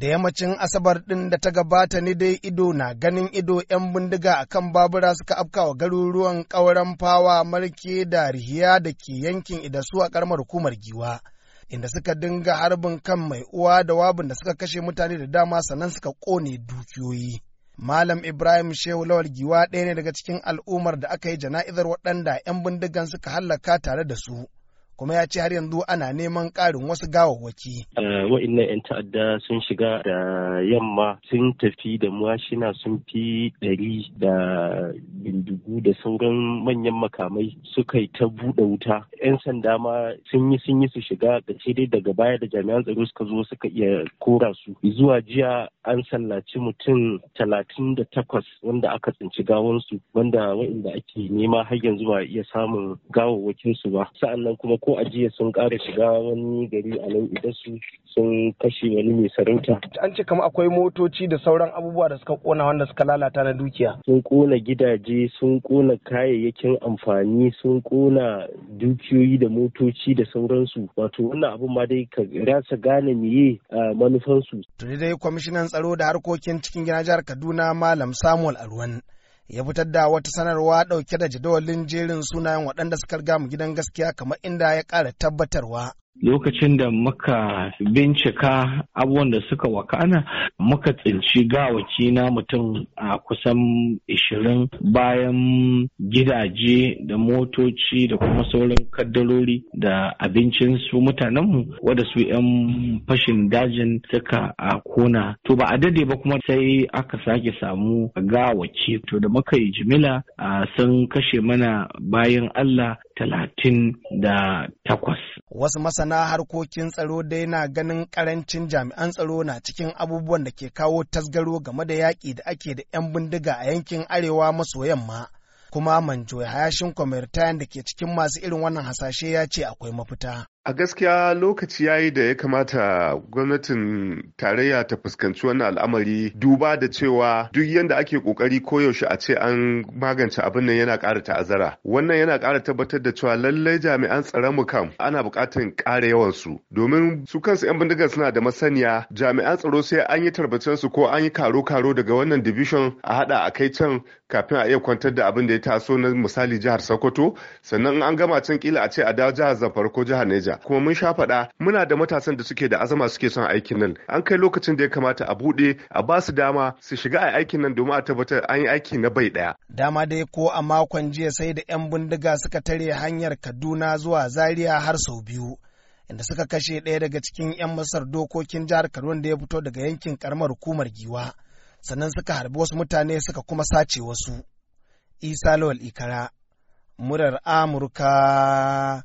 da yammacin asabar ɗin da ta gabata ni dai ido na ganin ido 'yan bindiga a kan babura suka afka wa garuruwan ƙauren fawa marke da rihiya da ke yankin idasu a ƙaramar hukumar giwa inda suka dinga harbin kan mai uwa da wabin da suka kashe mutane da dama sannan suka ƙone dukiyoyi Malam Ibrahim Shehu Lawal Giwa ɗaya ne daga cikin al'ummar da aka yi jana'izar waɗanda 'yan bindigan suka hallaka tare da su. kuma ya ce har yanzu ana neman ƙarin wasu gawawwaki. Eh, wa'innan 'yan ta'adda sun shiga da yamma sun tafi da mashina sun fi ɗari da bindigu da sauran manyan makamai suka yi ta buɗe wuta. 'Yan sanda ma sun yi sun yi su shiga da dai daga baya da jami'an tsaro suka zo suka iya kora su. Zuwa jiya an sallaci mutum talatin da takwas wanda aka tsinci gawansu wanda wa'inda ake nema har yanzu ba iya samun gawawwakinsu ba. Sa'annan kuma ko ko a sun ƙara shiga wani gari a nan idan su sun kashe wani mai sarauta. An ce kama akwai motoci da sauran abubuwa da suka kona wanda suka lalata na dukiya. Sun kona gidaje, sun kona kayayyakin amfani, sun kona dukiyoyi da motoci da sauransu. Wato wannan abin ma dai ka rasa gane miye a manufansu. Tuni dai kwamishinan tsaro da harkokin cikin gina jihar Kaduna Malam Samuel Arwan. ya fitar da wata sanarwa ɗauke da jadawalin jerin sunayen waɗanda suka riga mu gidan gaskiya kamar inda ya ƙara tabbatarwa lokacin da muka bincika abubuwan da suka wakana muka tsinci gawaki na mutum a kusan ishirin bayan gidaje da motoci da kuma sauran kaddarori da abincin su mutanenmu wadda su 'yan fashin dajin suka a kona to ba a dade ba kuma sai aka sake samu gawaki to da muka yi jimila sun kashe mana bayan allah talatin da takwas wasu masana harkokin tsaro dai na ganin karancin jami'an tsaro na cikin abubuwan da ke kawo tasgaro game da yaƙi da ake da 'yan bindiga a yankin arewa maso yamma kuma manjo hayashin kwamirtayan da ke cikin masu irin wannan hasashe ya ce akwai mafita A gaskiya lokaci yayi da ya kamata gwamnatin tarayya ta fuskanci wannan al'amari duba da cewa duk yadda ake kokari koyaushe a ce an magance abin nan yana ƙara ta'azara. Wannan yana ƙara tabbatar da cewa lallai jami'an tsaron mu kam ana buƙatar ƙara yawan su domin su kansu 'yan bindigar suna da masaniya jami'an tsaro sai an yi tarbacen su ko an yi karo-karo daga wannan division a hada a kai can kafin a iya kwantar da abin da ya taso na misali jihar Sokoto sannan an gama can kila a ce a dawo jihar Zamfara ko jihar Neja. kuma mun sha faɗa muna da matasan da suke da azama suke son aikin nan an kai lokacin da ya kamata a buɗe a ba su dama su shiga a aikin nan domin a tabbatar an yi aiki na bai ɗaya. Dama dai ko a makon jiya sai da 'yan bindiga suka tare hanyar Kaduna zuwa Zaria har sau biyu. Inda suka kashe ɗaya daga cikin 'yan masar dokokin jihar Kaduna da ya fito daga yankin karamar hukumar Giwa. Sannan suka harbi wasu mutane suka kuma sace wasu. Isa Lawal Ikara, murar Amurka